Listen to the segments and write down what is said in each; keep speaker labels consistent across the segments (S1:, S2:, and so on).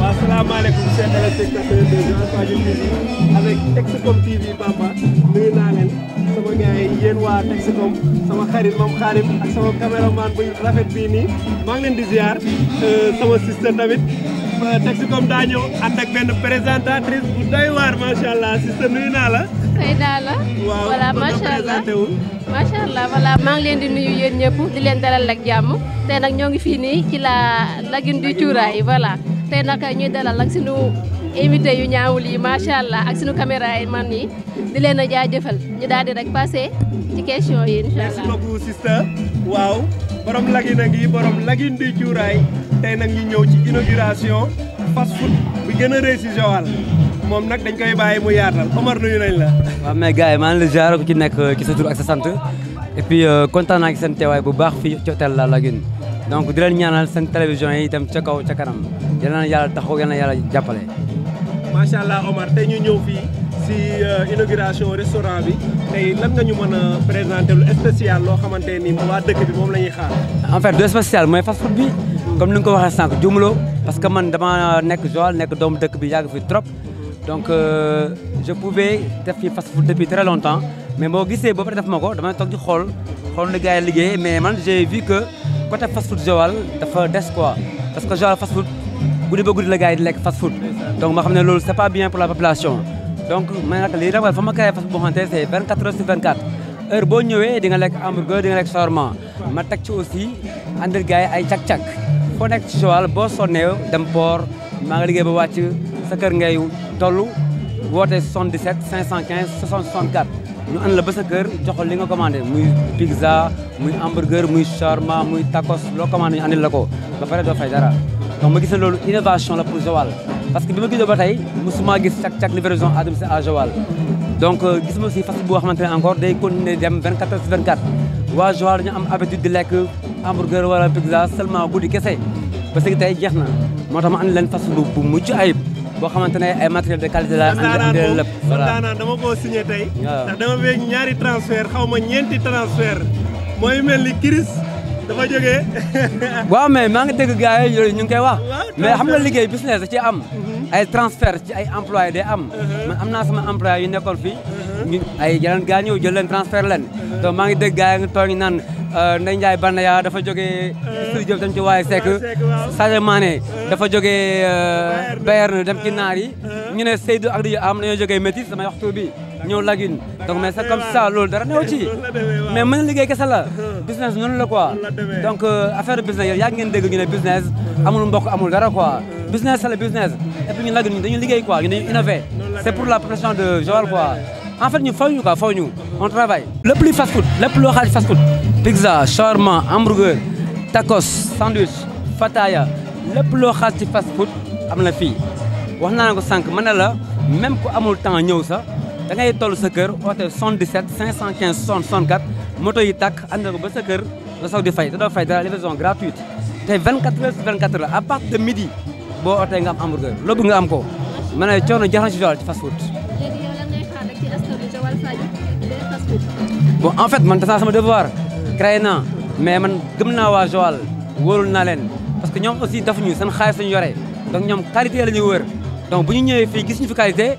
S1: waaw salaamaaleykum chers téléspectateurs de Joal Fadiouth TV avec Texcom TV Papa nuyu naa leen sama gars yi yéen Texcom sama xarit Mam Khadim ak sama caméraman bu rafet bii nii maa ngi leen di ziar eh, sama sister tamit eh, Texcom daa ñëw ànd ak benn présentatrice bu doy waar macha allah sister nuyu naa la.
S2: fay naa la voilà macha allah macha allah wala maa ngi leen di nuyu yéen ñëpp di leen dalal ak jàmm te nag ñoo ngi fii nii ci la lagune du cuuraay voilà. tey nag ñuy dalal ak sunu invité yu ñaawul yi macha allah ak sunu caméra yi man yi di leen a jaajëfal ñu daal di rek passé ci question yi incha
S1: allah. merci lagin a ngi borom lagin di cuuraay tey nag ñu ñëw ci inauguration fast food bi gën a rëy si Joal moom nag dañ koy bàyyi mu yaatal Omar nuyu nañ la.
S3: waaw mais gars yi maa ngi lay ziar ku ci nekk ci sa ak sa sant et puis euh, kontaan naa ci seen teewaay bu baax fii ci hôtel La Lagune donc di leen ñaanal seen télévision yi itam ca kaw ca kanam. yal na yàlla taxaw yalla na yàlla jàppale.
S1: macha Omar tay ñu ñëw fi ci euh,
S3: inauguration restaurant bi tay lan nga ñu mëna présenter lu spécial lo xamante ni wa dëkk bi mom lañuy xaar. en fait deux spécial moy fast food bi comme ni nga ko waxee sank jumloo parce que man dama nekk Joal nekk dom dëkk bi yàgg fi trop. donc euh, je pouvais def fi fast food depuis très longtemps mais boo gisee boobu def ma ko damay toog di xol xool na gaay yi liggéey mais man j'ai vu que côté fast food Joal dafa des quoi parce que Joal fast food guddi ba guddi la gars di lekk fast food donc ma xam ne loolu c'est pas bien pour la population donc ma créé fast food boo xamante ne c'est 24 boo ñëwee dinga lekk hamburger di nga lekk shawarma ma teg ci aussi àndal gars yi ay cak-cak foo nekk ci Joal boo sonnee dem port maa nga liggéey ba wàcc sa kër ngay toll woote 77 515 64 ñu ànd la ba sa kër jox li nga commandé muy pizza muy hamburger muy muy tacos loo commandé ñu la ko ba pare doo fay dara donc ma gis ne loolu innovation la pour Joal parce que bi ma gisoo ba tey musuma gis chaque chaque livraison à domicile à Joal donc euh, gis ma aussi fast food boo xamante ne encore day continuer dem 24 heures sur 24 waa Joal dañu am habitude di lekk wala pizza seulement guddi kese parce que tey jeex na moo tax ma andi leen fast food bu mucc ayib boo xamante ne ay matériel de qualité la andi lépp voilà daanaan
S1: dama koo signé tey dama fekk ñaari transfert xaw ma ñeenti transfert mooy
S3: dama jógee. maa ngi dégg gars yi yooyu ñu ngi koy wax. mais xam nga liggéey business da ci am. Mhm. ay transfert ci ay employé de am. Mhm. man am naa sama employé yu nekkoon fii. Mhm. ay jëlan gars ñëw jël leen transfert leen. maa ngi dégg gars yi nga toog ñu naan euh, Ndeye Ndiaye Banaya dafa joge Sidi Diop dem ci waaye Seck. Sadio Mané dafa jógee euh, Bayern dem ci naar yi. ñu ne Seydou ak Diop am nañoo jógee Métis sama waxtu bi ñëw lagune donc mais c'est comme ça loolu dara neew ci mais mën a liggéey kese la business non la quoi donc euh, affaire business yow yaa ngeen dégg ñu né business amul mbokk amul dara quoi business c'est le business et puis ñun lagune ñu dañu liggéey quoi ñu dañu innover c'est pour la profession de Joal quoi en fait ñu faw ñu quoi faw ñu on travaille le plus fast food lepp lo xaaj fast food pizza shawarma hamburger tacos sandwich fataya lepp lo xaaj ci fast food am na fii wax naa ko sànq mën na la même ku amul temps ñëw sax da ngay toll sa kër oote 77 515 64 moto yi takk ànd na ko ba sa kër nga soog di fay te doo fay dara livraison gratuite te 24 heures 24 la à partir de midi boo ootee nga am hamburger loo bëgg nga am ko ma ne coono jax na ci Joal ci fast food.
S2: léegi yow lan ngay xaar ci restaurant Joal Fadiouth de fast food.
S3: bon en fait mais man gëm naa waa Joal wóorul naa leen parce que ñoom aussi dafa ñu seen xaalis lañu yore donc ñoom qualité la ñu wër donc bu ñu ñëwee fii gis ñu fi qualité.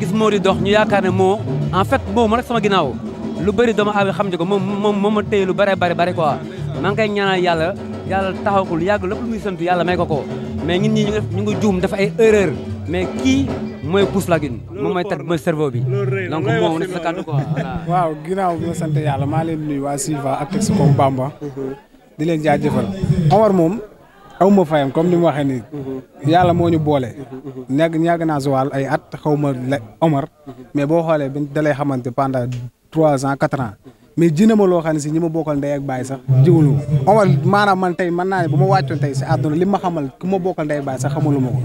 S3: gis moo di dox ñu yaakaar ne moo en fait moo ma rek sama ginnaaw lu bëri dama abi xam nga moo moo moom moom ma téye lu bare bari bari quoi maa ngi koy ñaanal yàlla yàlla taxawul yàgg lépp lu muy sant yàlla may ko ko mais ñun ñii ñu ngi ñu ngi juum dafa ay erreur mais kii mooy pousse la gin moom mooy teg mooy cerveau bi donc moom nekk sa kàddu quoi
S4: waaw ginnaaw bi ma sant yàlla maa leen nuyu waa Silva ak Texcom Bamba di leen jaajëfal moom aw ma fayam comme ni ma waxee nii. Mhm. yàlla moo ñu boole. ñàgg mhm, mhm, ñàgg naa Joal ay at xaw ma la Omar. mais boo xoolee bi dalay xamante pendant trois ans quatre ans. mais ji na ma loo xam ne si ñi ma bokkal ndey ak baay sax jiwlu Omar maanaam man tey mën naa ne bu ma wàccoon tey si at li ma xamal ku ma bokkal ndey ak baay sax xamalu ma ko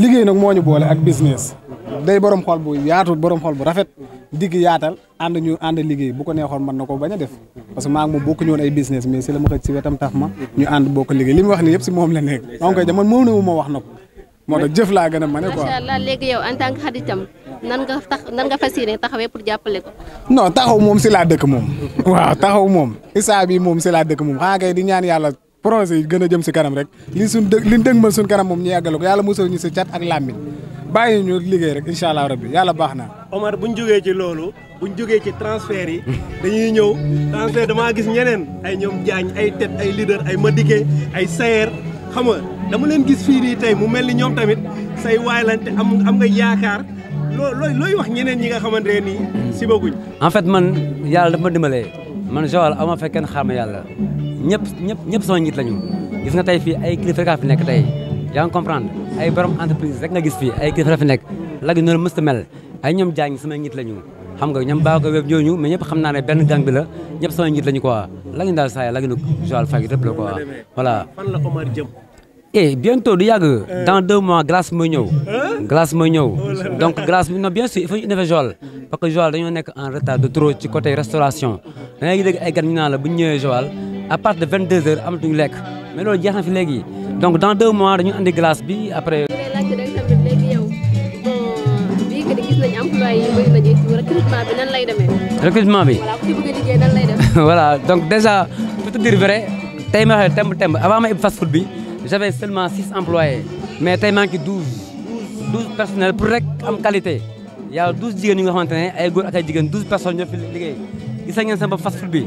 S4: liggéey nag moo ñu boole ak business. day borom xol bu yaatu borom xol bu rafet digg yaatal and ñu and liggéey bu ko neexoon man na ko bañ a def parce que maa ngi moom bokku ñoon ay business mais si la ma xëj si wetam tax ma ñu and bokk liggéey li mu wax ni yëpp si moom la nekk maa ngi koy jamono moom na ma wax na ko moo tax jëf laa gën a mane quoi macha
S2: allah léegi yow en tant que xaritam nan nga tax nan nga fas yéene taxawee pour jàppale ko
S4: non taxaw moom si laa dëkk moom waaw taxaw moom isaa bi moom si laa dëkk moom xaa kay di ñaan yàlla projet yi gën a jëm si kanam rek li suñ dë li dëg mal kanam moom ñu yàggale ko yàlla mosal ñu si cat ak làmmiñ bàyyi ñu liggéey rek incha allah rabbi yàlla baax na Omar buñ jógee ci loolu
S1: buñ jógee ci transfert yi dañuy ñëw transfert damaa gis ñeneen ay ñoom jaañ ay tet ay leader ay madike ay sayer xam nga dama leen gis fii nii mu mel ni ñoom tamit say waay lañ am am nga yaakaar loo looy wax ñeneen ñi nga xamante ne nii si
S3: baguñ en fait man yàlla dafa ma dimbalee man Joal ama fekk kenn xaar ma yàlla ñëpp ñëpp ñëpp sama njiit lañu gis nga tey fii ay kilifa kaa fi nekk tey yaa ngi comprendre ay borom entreprise rek nga gis fi ay kilifa fi nekk lagi noonu mës mel ay ñoom jaañ sama njiit lañu xam nga ñoom baa ko web ñooñu mais ñëpp xam naa ne benn gang bi la ñëpp sama njiit lañu quoi la ñu daal saa yi la ñu Joal Fadiouth yàgg euh. dans deux mois glace mooy ñëw. glace mooy ñëw oh donc glace bi non bien sûr il faut ñu innover dañoo nekk en retard de trop ci côté restauration da ngay dégg ay gan ñu naan la bu ñëwee Joal à partir de 22 heures le lek mais on a na fi léegi donc dans deux mois dañu andi glace bi après. recrutement voilà donc déjà pour te dire vrai temb temb avant ma ib fast food j'avais seulement 6 employés mais il y 12 12 personnels pour rek am qualité a 12 a yi nga xamantene ay ak ay douze personnes ñu fi liggéey gis sama fast food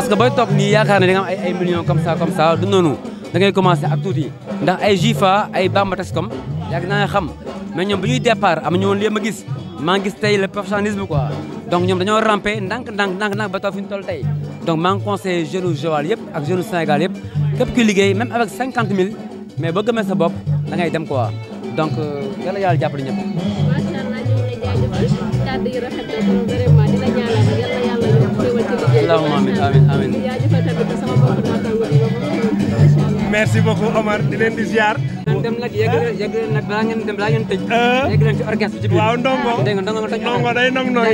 S3: parce que booy toog nii yaakaar ne da nga am ay ay millions comme du noonu da ngay commencé ak tuuti ndax ay Jifa ay Bamba Tascom yàgg naa xam mais ñoom bu ñuy départ am ñoon li ma gis maa ngi gis tey le professionnalisme quoi donc ñoom dañoo rampé ndànk ndànk ndànk ndànk ba toog fi ñu tey donc maa ngi conseillé jeune Joal yëpp ak jeune Sénégal yëpp képp kuy liggéey même avec 50 000 mais boo gëmee sa bopp da ngay dem quoi donc euh, yàlla yàlla jàppale ñëpp.
S2: macha na vraiment dina
S3: sama jullit Allahumma amin amin amin iya, jaajëfal tamit sama mbokk naataango yi merci beaucoup Omar di leen di ziar ya, nag ya yegg eh? ya balaa ngeen dem ya, ngeen tëj yegg leen ci orchestre ci biir waaw ndongo ndongo day nong nong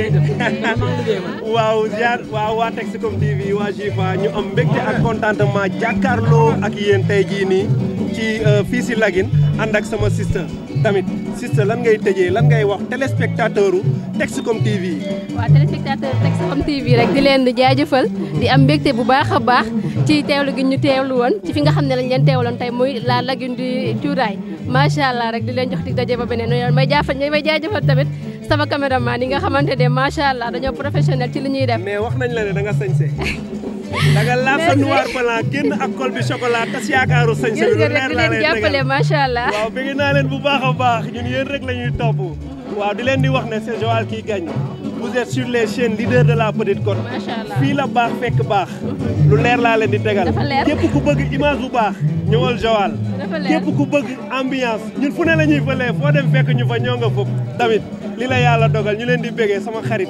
S1: waaw ziar waaw waa Texcom TV waa Jifa ñu am mbégte ak contentement jàkkaarloo ak yéen tey jii ci euh, si Lagine ànd ak sama sister tamit siste lan ngay tëjee lan ngay wax téléspectateur u Texcom TV yi.
S2: waaw téléspectateur Texcom TV rek di leen di jaajëfal di am mbégte bu baax a baax ci teewlu gi ñu teewlu woon ci fi nga xam ne lañ leen teewloon tey muy la lagune du Cuuraay macha allah rek di leen jox di daje ba beneen yoon may jaafal may jaajëfal tamit. sama caméraman yi nga xamante ne macha allah dañoo professionnel
S1: ci li ñuy def. mais wax nañ la ne da nga sañse da nga laal sa noir génn ak col bi chocolat tas yaakaaru sañ sa lu leer laa leen jàppale macha allah waaw bëgg naa leen bu baax a baax ñun yéen rek la ñuy topp waaw di leen di wax ne c'est Joal qui gagne vous êtes sur les chaînes leaders de la Petite Côte fii la baax fekk baax lu leer laa leen di tegal képp ku bëgg image bu baax ñëwal Joal képp ku bëgg ambiance ñun fu ne la ñuy fëlee foo dem fekk ñu fa ñoo nga foofu tamit lii la yàlla dogal ñu leen di bégee sama xarit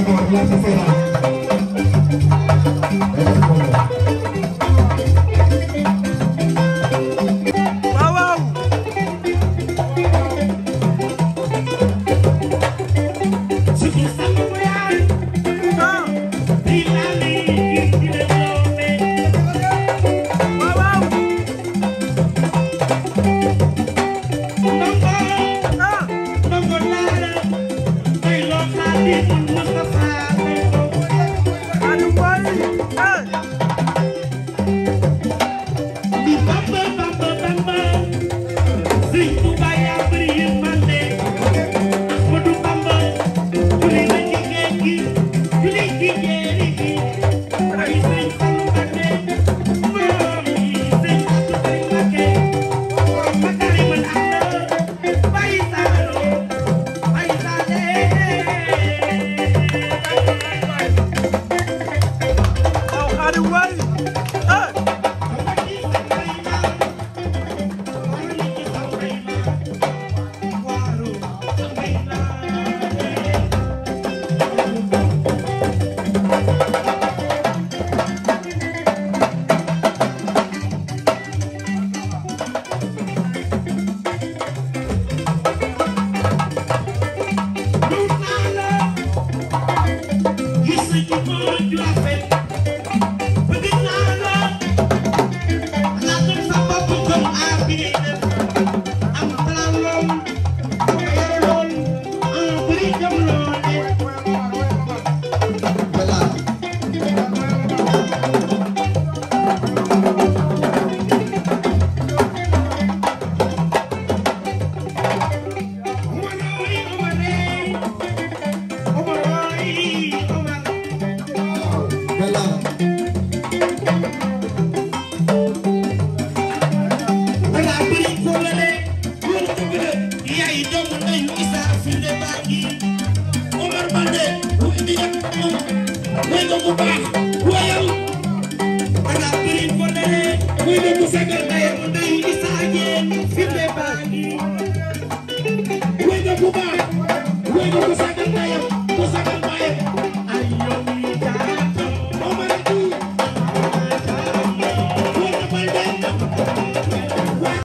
S1: la Mustafa muy doon bu baax wóyal. ana bëri ko ne muy doon bu fekkal ndeyam